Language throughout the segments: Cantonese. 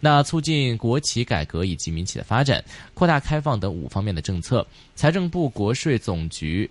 那促進國企改革以及民企的發展、擴大開放等五方面的政策，財政部、國稅總局，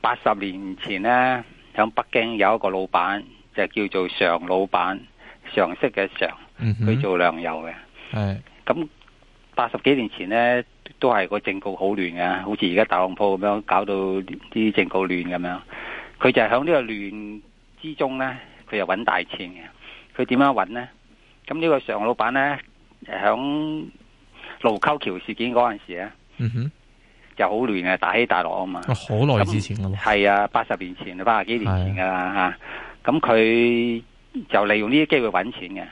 八十年前呢，響北京有一個老闆就是、叫做常老闆，常識嘅常，佢、mm hmm. 做糧油嘅。係咁、mm，八十幾年前呢，都係個政局好亂嘅，好似而家特朗普咁樣，搞到啲政局亂咁樣。佢就係響呢個亂之中呢，佢又搵大錢嘅。佢點樣搵呢？咁呢個常老闆呢，響盧溝橋事件嗰陣時咧。Mm hmm. 就好亂啊，大起大落啊嘛。好耐之前咯，係啊，八十年前，八啊幾年前噶啦吓。咁佢，啊啊、就利用呢啲機會揾錢嘅。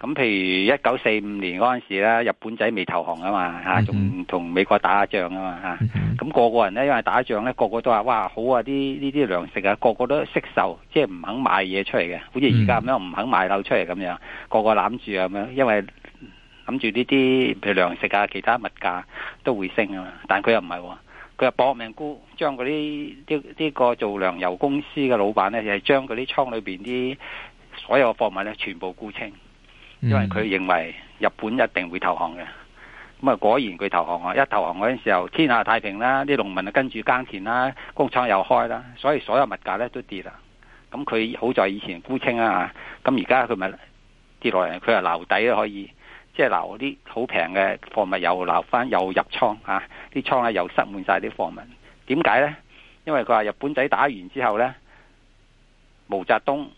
咁譬如一九四五年嗰陣時咧，日本仔未投降啊嘛，吓仲同美國打下仗啊嘛，吓咁個個人呢，因為打仗呢，個個都話哇好啊，啲呢啲糧食啊，個個都惜售，即係唔肯賣嘢出嚟嘅。好似而家咁樣唔、嗯、肯賣樓出嚟咁樣，個個攬住啊咁樣，因為。諗住呢啲譬如糧食啊，其他物價都會升啊，但佢又唔係喎，佢又搏命沽，將嗰啲呢呢個做糧油公司嘅老闆呢就係將嗰啲倉裏面啲所有貨物呢全部沽清，因為佢認為日本一定會投降嘅。咁啊，果然佢投降啊！一投降嗰陣時候，天下太平啦，啲農民啊跟住耕田啦，工廠又開啦，所以所有物價呢都跌啦。咁佢好在以前沽清啊，咁而家佢咪跌落嚟，佢係留底都可以。即係留啲好平嘅貨物，又留翻，又入倉啊！啲倉咧又塞滿晒啲貨物。點解咧？因為佢話日本仔打完之後咧，毛澤東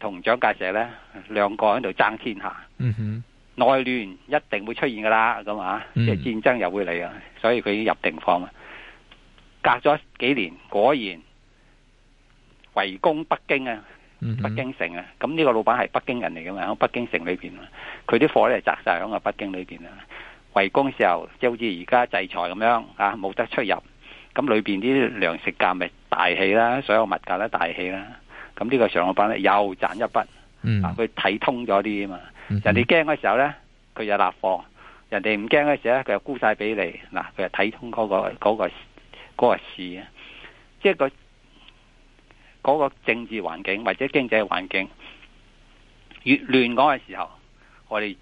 同蔣介石咧兩個喺度爭天下。嗯哼，內亂一定會出現噶啦，咁啊，即係、嗯、戰爭又會嚟啊！所以佢已經入定貨啊！隔咗幾年，果然圍攻北京啊！北京城啊，咁呢個老闆係北京人嚟噶嘛，響北京城裏邊啊，佢啲貨咧砸晒響個北京裏邊啊。圍攻時候，即係好似而家制裁咁樣啊，冇得出入。咁裏邊啲糧食價咪大起啦，所有物價咧大起啦。咁呢個上老闆咧又賺一筆。嗱，佢睇通咗啲啊嘛，人哋驚嘅時候咧，佢又立貨；人哋唔驚嘅時候咧，佢又沽晒俾你。嗱、啊，佢又睇通嗰、嗰個、嗰個、嗰個市啊，即係個。嗰個政治環境或者經濟環境越亂講嘅時候，我哋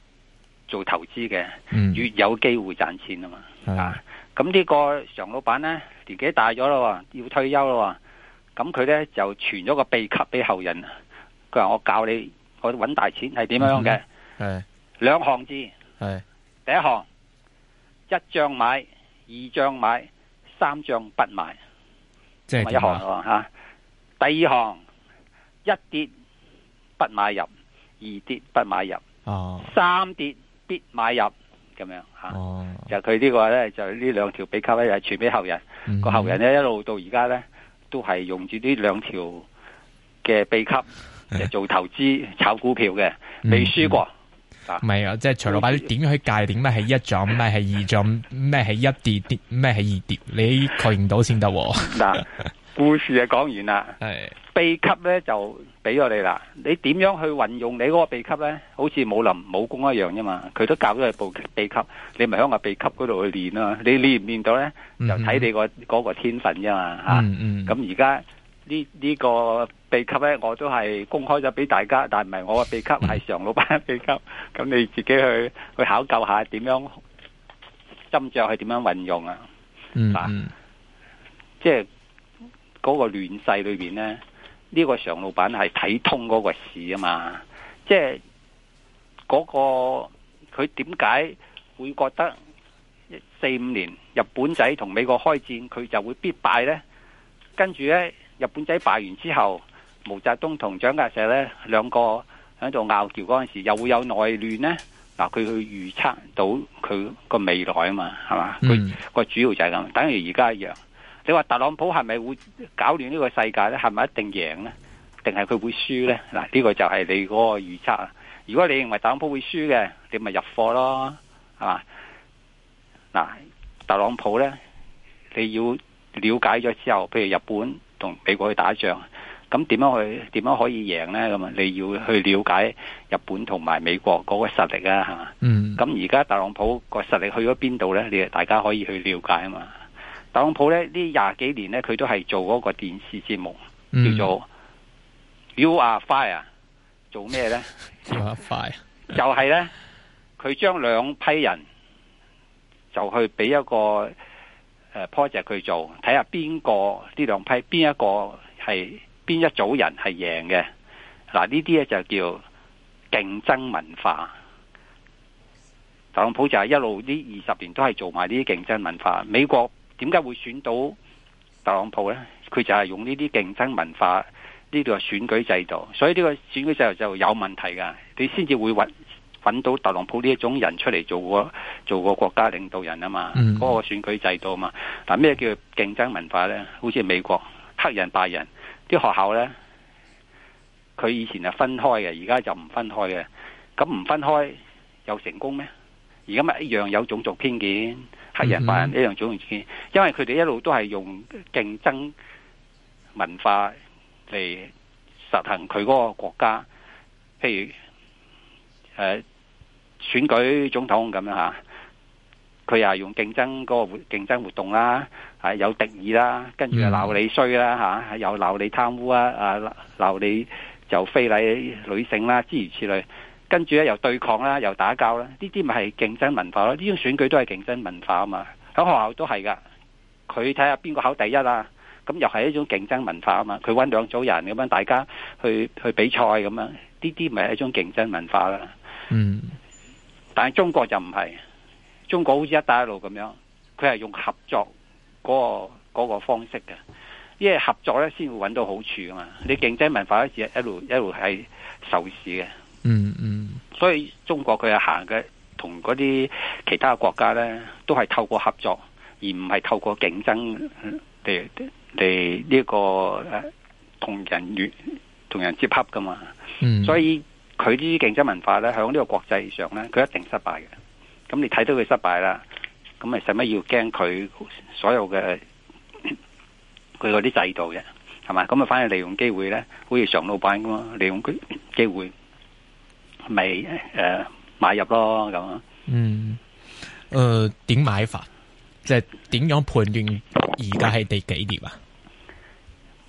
做投資嘅、嗯、越有機會賺錢啊嘛。咁呢的、啊、個常老闆呢，年紀大咗喇啦，要退休喇啦。咁佢呢就傳咗個秘笈俾後人。佢話：我教你我揾大錢係點樣嘅。嗯、兩行字。的第一行：一張買，二張買，三張不買。即係第二項，一跌不買入，二跌不買入，哦，三跌必買入，咁樣吓、哦，就佢呢個咧就呢兩條秘笈咧，係傳俾後人，個、嗯、哼後人咧一路到而家咧，都係用住呢兩條嘅秘笈嚟做投資炒股票嘅，未輸、嗯、哼過。唔係、嗯、哼啊，即係、啊、以徐老闆，你點去界定咩係一漲，咩係二漲，咩係 一跌跌，咩係二跌？你確認到先得。故事就講完啦。係秘笈咧就俾咗你啦。你點樣去運用你嗰個秘笈咧？好似武林武功一樣啫嘛。佢都教咗你一部秘笈，你咪響個秘笈嗰度去練啦。你練唔練到咧？就睇你個個天分啫嘛。吓、嗯，咁而家呢呢個秘笈咧，我都係公開咗俾大家。但係唔係我嘅秘笈，係、嗯、常老闆秘笈。咁你自己去去考究下點樣斟酌，係點樣運用啊？嗱、嗯嗯啊，即係。嗰個亂世裏面呢，呢個常老闆係睇通嗰個事啊嘛，即係嗰個，佢點解會覺得四五年日本仔同美國開戰，佢就會必敗呢？跟住呢，日本仔敗完之後，毛澤東同蔣介石呢兩個喺度拗撬嗰陣時，又會有內亂呢？嗱，佢去預測到佢個未來啊嘛，係嘛？佢個、嗯、主要就係咁，等於而家一樣。你話特朗普係咪會搞亂呢個世界咧？係咪一定贏咧？定係佢會輸呢？嗱，呢個就係你嗰個預測啊。如果你認為特朗普會輸嘅，你咪入貨咯，係嘛？嗱，特朗普呢，你要了解咗之後，譬如日本同美國去打仗，咁點樣去點樣可以贏呢？咁啊，你要去了解日本同埋美國嗰個實力啊，吓。嗯。咁而家特朗普個實力去咗邊度呢？你大家可以去了解啊嘛。特朗普咧，呢廿幾年咧，佢都係做嗰個電視節目，叫做 You Are Fire，做咩咧？You Are Fire 就係咧，佢將兩批人就去俾一個誒、呃、project 佢做，睇下邊個呢兩批邊一個係邊一組人係贏嘅。嗱呢啲咧就叫競爭文化。特朗普就係一路呢二十年都係做埋呢啲競爭文化，美國。點解會選到特朗普呢？佢就係用呢啲競爭文化呢、呢個選舉制度，所以呢個選舉制度就有問題噶，你先至會搵到特朗普呢一種人出嚟做，做個國家領導人啊嘛，嗰、嗯、個選舉制度啊嘛。嗱，咩叫競爭文化呢？好似美國黑人白人啲學校呢，佢以前係分開嘅，而家就唔分開嘅。咁唔分開有成功咩？而家咪一樣有種族偏見。人種種，因為佢哋一路都係用競爭文化嚟實行佢嗰個國家，譬如誒、呃、選舉總統咁樣，佢又係用競爭嗰、嗰個競爭活動啦、啊，係有敵意啦，跟住鬧你衰啦嚇，又鬧你貪污啊，污啊鬧你就非禮女性啦，諸如此類。跟住咧又對抗啦，又打交啦，呢啲咪係競爭文化咯？呢種選舉都係競爭文化啊嘛！喺學校都係噶，佢睇下邊個考第一啦，咁又係一種競爭文化啊嘛！佢揾兩組人咁樣，大家去去比賽咁樣，呢啲咪係一種競爭文化啦。嗯，但係中國就唔係，中國好似一帶一路咁樣，佢係用合作嗰個嗰個方式嘅，因為合作咧先會揾到好處啊嘛！你競爭文化一一路一路係仇視嘅。嗯嗯，嗯所以中國佢行嘅同嗰啲其他國家呢，都係透過合作，而唔係透過競爭嚟嚟呢個誒同人與同人接洽噶嘛。所以佢啲競爭文化呢，喺呢個國際上呢，佢一定失敗嘅。咁、嗯、你睇到佢失敗啦，咁咪使乜要驚佢所有嘅佢嗰啲制度啫？係嘛？咁啊，反而利用機會呢，好似常老闆咁嘛，利用佢機會。咪，誒、呃、買入咯咁。嗯，誒、呃、點買法？即係點樣判斷而家係第幾跌啊？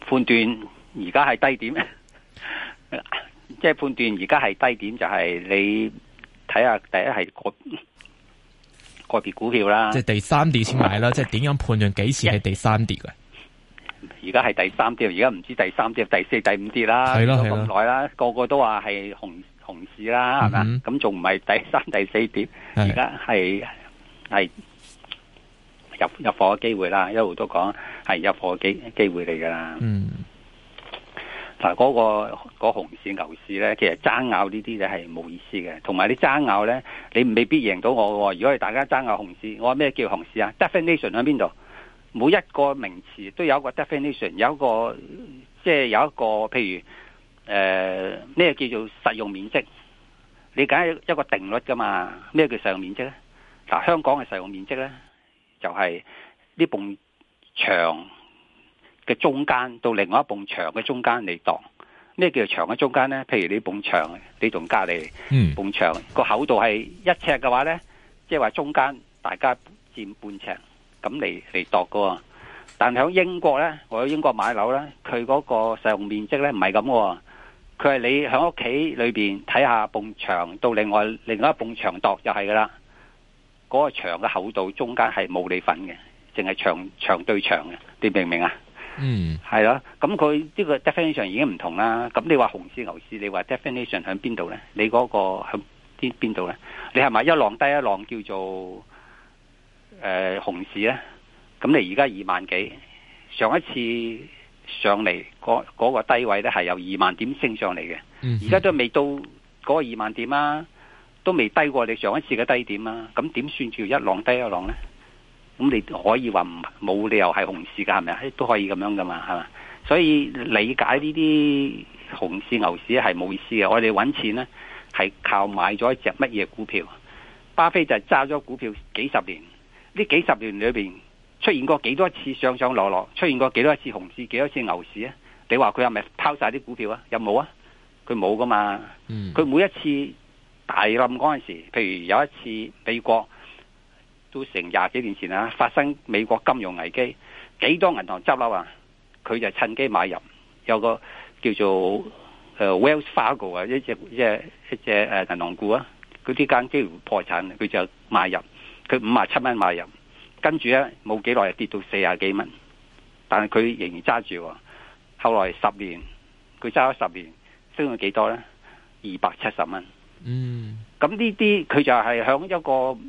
判斷而家係低點，即 係判斷而家係低點就係你睇下第一係個個別股票啦。即係第三跌先買啦，即係點樣判斷幾時係第三跌嘅？而家係第三跌，而家唔知道第三跌、第四、第五跌啦。係咯、啊，係咯、啊，咁耐啦，個個都話係紅。熊市啦，係嘛？咁仲唔係第三、第四碟？而家係係入入貨嘅機會啦。一路都講係入貨嘅機機會嚟噶啦。嗱、mm，嗰、hmm. 那個嗰熊、那個、市牛市咧，其實爭拗呢啲就係冇意思嘅。同埋你爭拗咧，你未必贏到我喎。如果係大家爭拗熊市，我話咩叫熊市啊？definition 喺邊度？每一個名詞都有一個 definition，有一個即係、就是、有一個譬如。誒，咩、呃、叫做實用面積？你梗係一個定律噶嘛？咩叫實用面積咧？嗱、啊，香港嘅實用面積咧，就係呢埲牆嘅中間到另外一埲牆嘅中間嚟度。咩叫做牆嘅中間咧？譬如你埲牆，你同隔籬埲牆個厚度係一尺嘅話咧，即係話中間大家佔半尺咁嚟嚟度嘅。但係喺英國咧，我喺英國買樓咧，佢嗰個實用面積咧唔係咁嘅。佢係你喺屋企裏面睇下埲牆到另外另外一埲牆度就係噶啦，嗰、嗰個牆嘅厚度中間係冇你份嘅，淨係牆對牆嘅，你明唔明啊？嗯，係囉。咁佢呢個 definition 已經唔同啦。咁你話熊市牛市，你話 definition 喺邊度咧？你嗰個喺邊度咧？你係咪一浪低一浪叫做誒、呃、熊市咧？咁你而家二萬幾，上一次。上嚟嗰嗰個低位咧，係由二萬點升上嚟嘅，而家、嗯、哼都未到嗰個二萬點啊，都未低過你上一次嘅低點啊，咁點算叫一浪低一浪呢？咁你可以話唔冇理由係熊市噶，係咪？都可以咁樣噶嘛，係嘛？所以理解呢啲熊市牛市係冇意思嘅，我哋揾錢呢，係靠買咗隻乜嘢股票，巴菲就揸咗股票幾十年，呢幾十年裏邊。出現過幾多次上上落落？出現過幾多次熊市、幾多次牛市啊？你話佢係咪拋晒啲股票啊？有冇啊？佢冇噶嘛？佢、嗯、每一次大冧嗰陣時，譬如有一次美國都成廿幾年前啊，發生美國金融危機，幾多銀行執笠啊？佢就趁機買入，有個叫做誒 Wells Fargo 啊，一隻即係一隻誒銀行股啊，嗰啲間幾乎破產，佢就買入，佢五十七蚊買入。跟住咧，冇幾耐跌到四十幾蚊，但係佢仍然揸住。後來十年，佢揸咗十年，升咗幾多呢？二百七十蚊。嗯，咁呢啲佢就係喺一個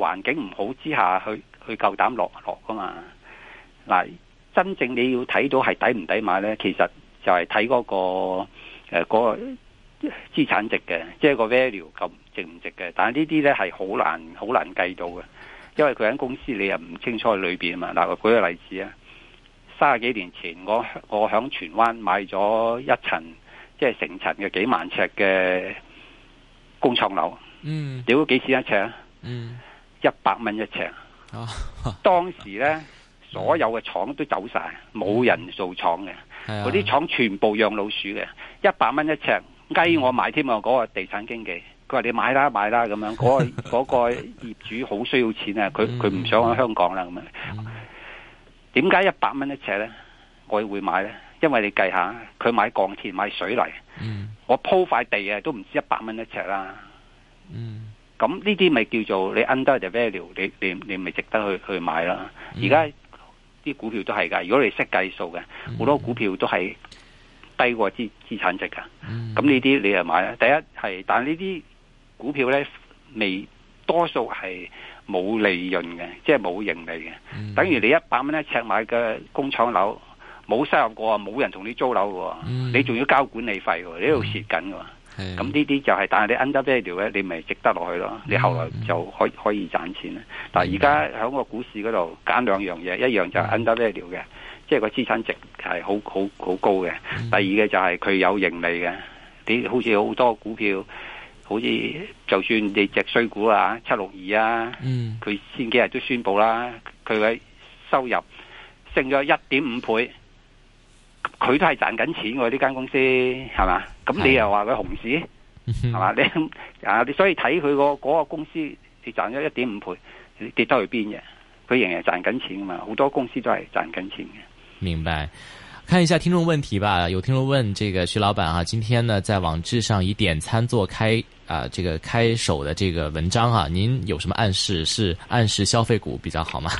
環境唔好之下去，去夠膽落落噶嘛？嗱，真正你要睇到係抵唔抵買呢，其實就係睇嗰個誒、呃嗰個資產值嘅，即係個 value 夠值唔值嘅。但係呢啲呢，係好難好難計到嘅。因為佢喺公司，你又唔清楚裏邊啊嘛。嗱，我舉個例子啊，三十幾年前我我響荃灣買咗一層，即係成層嘅幾萬尺嘅工廠樓。嗯。屌幾錢一尺？嗯、啊？嗯。一百蚊一尺。啊。當時咧，所有嘅廠都走晒，冇人做廠嘅。嗰啲廠全部養老鼠嘅，一百蚊一尺雞我買添啊！嗰、嗯、個地產經紀。佢話，你買啦買啦咁樣，嗰個嗰個業主好需要錢啊！佢佢唔想喺香港啦，咁樣，點解一百蚊一尺咧？我會買咧，因為你計下，佢買鋼鐵買水泥，嗯、我鋪塊地啊都唔止一百蚊一尺啦。咁呢啲咪叫做你 under the value，你你你咪值得去去買啦。而家啲股票都係噶，如果你識計數嘅，好多股票都係低過資資產值噶。咁呢啲你就買啦。第一係，但係呢啲。股票咧未多數係冇利潤嘅，即係冇盈利嘅。嗯、等於你一百蚊一尺買嘅工廠樓，冇收入過啊，冇人同你租樓嘅，嗯、你仲要交管理費喎，你喺度蝕緊喎。咁呢啲就係、是，但係你 under value 咧，你咪值得落去咯。嗯、你後來就可以可以賺錢。但係而家喺個股市嗰度揀兩樣嘢，一樣就 under value 嘅，嗯、即係個資產值係好好好高嘅。嗯、第二嘅就係佢有盈利嘅，好似好多股票。好似就算你隻衰股啊，七六二啊，佢先、嗯、幾日都宣布啦，佢嘅收入升咗一點五倍，佢都係賺緊錢嘅，呢間公司係嘛？咁你又話佢熊市係嘛、嗯哼？你啊，你所以睇佢個個公司你賺，你賺咗一點五倍，跌得去邊嘅？佢仍然賺緊錢噶嘛？好多公司都係賺緊錢嘅。明白，看一下聽眾問題吧。有聽眾問：這個徐老闆啊，今天呢在網誌上以點餐做開？啊，這個開手的這個文章啊，您有什麼暗示？是暗示消費股比較好嗎？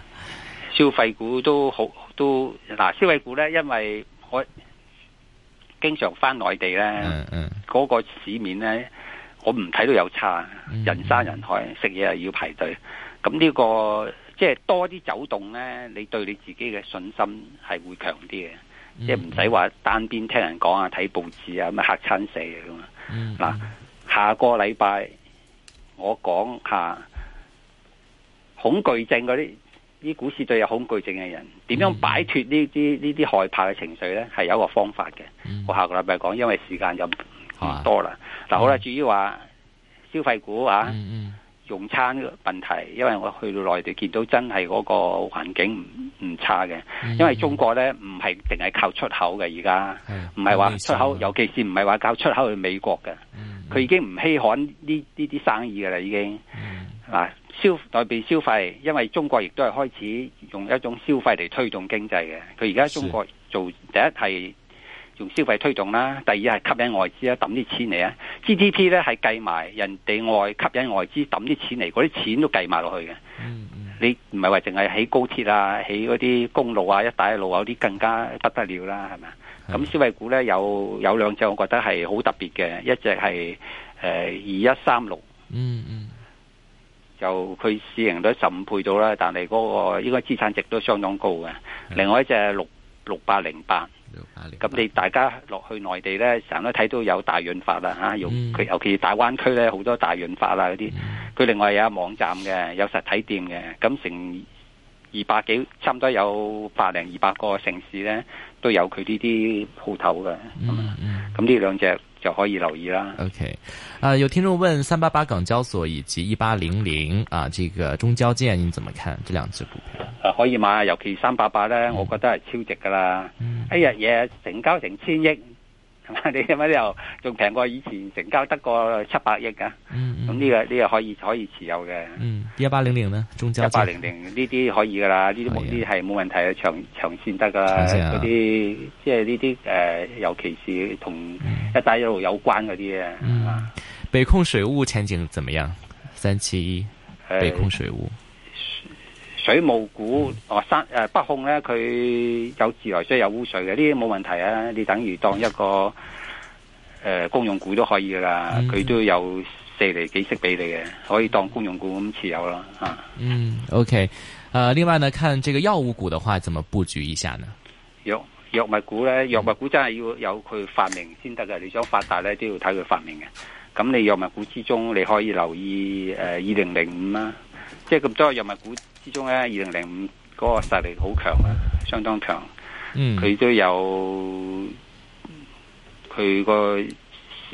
消費股都好都嗱，消費股呢因為我經常翻內地咧，嗰、嗯嗯、個市面呢我唔睇到有差，嗯、人山人海，食嘢又要排隊，咁呢、這個即係多啲走動呢，你對你自己嘅信心係會強啲嘅，嗯、即係唔使話單邊聽人講啊，睇報紙啊，咁啊嚇親死噶嘛，嗱。嗯下個禮拜我講下恐懼症嗰啲，呢股市最有恐懼症嘅人，點樣擺脫呢啲呢啲害怕嘅情緒呢？係有一個方法嘅。嗯、我下個禮拜講，因為時間就唔多啦。嗱、啊，嗯、好啦，至於話消費股啊，嗯嗯、用餐的問題，因為我去到內地見到真係嗰個環境唔唔差嘅。嗯、因為中國呢唔係淨係靠出口嘅，而家唔係話出口，的尤其是唔係話靠出口去美國嘅。嗯佢已經唔稀罕呢呢啲生意噶啦，已經嗱、嗯啊、消內邊消費，因為中國亦都係開始用一種消費嚟推動經濟嘅。佢而家中國做第一係用消費推動啦，第二係吸引外資啊揼啲錢嚟啊。GDP 咧係計埋人哋外吸引外資揼啲錢嚟，嗰啲錢都計埋落去嘅。嗯、你唔係話淨係起高鐵啊，起嗰啲公路啊，一帶一路啊嗰啲更加不得了啦，係咪？咁消費股咧有有兩隻，我覺得係好特別嘅，一隻係誒、呃、二一三六，嗯嗯，嗯就佢市盈率十五倍到啦，但係嗰個應該資產值都相當高嘅。嗯、另外一隻六六百零八，六百零八。咁你大家落去內地咧，成日都睇到有大潤發啦嚇，尤、嗯、尤其大灣區咧好多大潤發啦嗰啲。佢、嗯、另外有網站嘅，有實體店嘅，咁成二百幾，差唔多有百零二百個城市咧。都有佢呢啲鋪頭嘅，咁咁呢兩隻就可以留意啦。OK，啊有聽眾問三八八港交所以及一八零零啊，這個中交建你怎麼看這兩隻股？啊可以買，尤其三八八咧，嗯、我覺得係超值噶啦，一日嘢成交成千億。 你有乜理由又仲平過以前成交得個七百億啊？咁呢、嗯嗯這個呢、這個可以可以持有嘅。嗯，一八零零呢？中交一八零零呢啲可以噶啦，呢啲冇呢係冇問題嘅長長線得噶啦。啲即係呢啲誒，尤其是同一帶一路有關嗰啲啊。北控水務前景怎麼樣？三七一北控水務。水務股哦，山誒北控咧，佢有自來水有污水嘅，呢啲冇問題啊，你等於當一個誒、呃、公用股都可以噶啦，佢都有四厘幾息俾你嘅，可以當公用股咁持有咯，啊，嗯，OK，誒、呃，另外呢，看這個藥物股的話，怎麼布局一下呢？藥藥物股咧，藥物股真係要有佢發明先得噶，嗯、你想發達呢，都要睇佢發明嘅。咁你藥物股之中，你可以留意誒二零零五啦，即係咁多藥物股。之中咧、啊，二零零五嗰個實力好強啊，相當強。嗯，佢都有，佢個市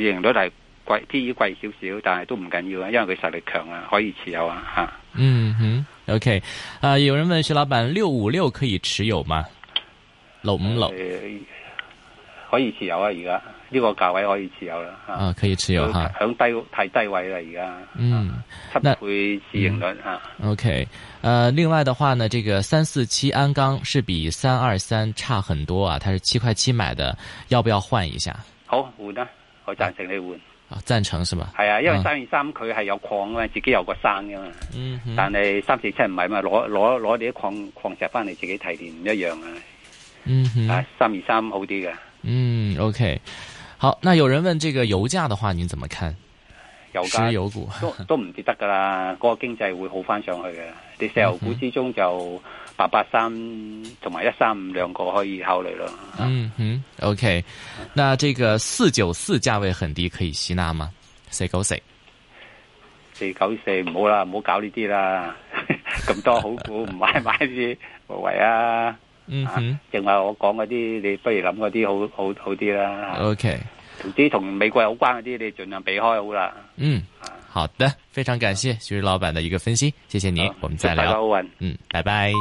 盈率係貴，P E 貴少少，但係都唔緊要啊，因為佢實力強啊，可以持有啊，吓、啊。嗯哼，OK。啊、呃，有人問徐老闆，六五六可以持有嗎？六五六。呃可以持有啊！而家呢個價位可以持有啦。啊，可以持有哈。響低太低位啦，而家、嗯。嗯，七倍市盈率啊。OK，呃，另外嘅話呢，呢、這個三四七鞍鋼是比三二三差很多啊。它是七塊七買的，要不要換一下？好換啊，我贊成你換。啊，贊成是吧？係啊，因為三二三佢係有礦啊，嘛、嗯，自己有個山噶嘛。嗯哼。但係三四七唔係嘛，攞攞攞啲礦礦石翻嚟自己提煉唔一樣啊。嗯哼啊，三二三好啲嘅。嗯，OK，好。那有人問這個油價的話，您怎麼看？油價,油股都都唔跌得噶啦，嗰、那個經濟會好翻上去嘅。你石油股之中就八八三同埋一三五兩個可以考慮咯、嗯。嗯哼，OK 嗯。那這個四九四價位很低，可以吸納嗎？四九四，四九四唔好啦，唔好搞呢啲啦，咁 多好股唔買 買啲冇謂啊。嗯，哼，淨係、啊、我講嗰啲，你不如諗嗰啲好好好啲啦。OK，同啲同美國有關嗰啲，你盡量避開好啦。嗯，好的，非常感謝徐老闆的一個分析，謝謝你，好我們再聊。拜拜嗯，拜拜。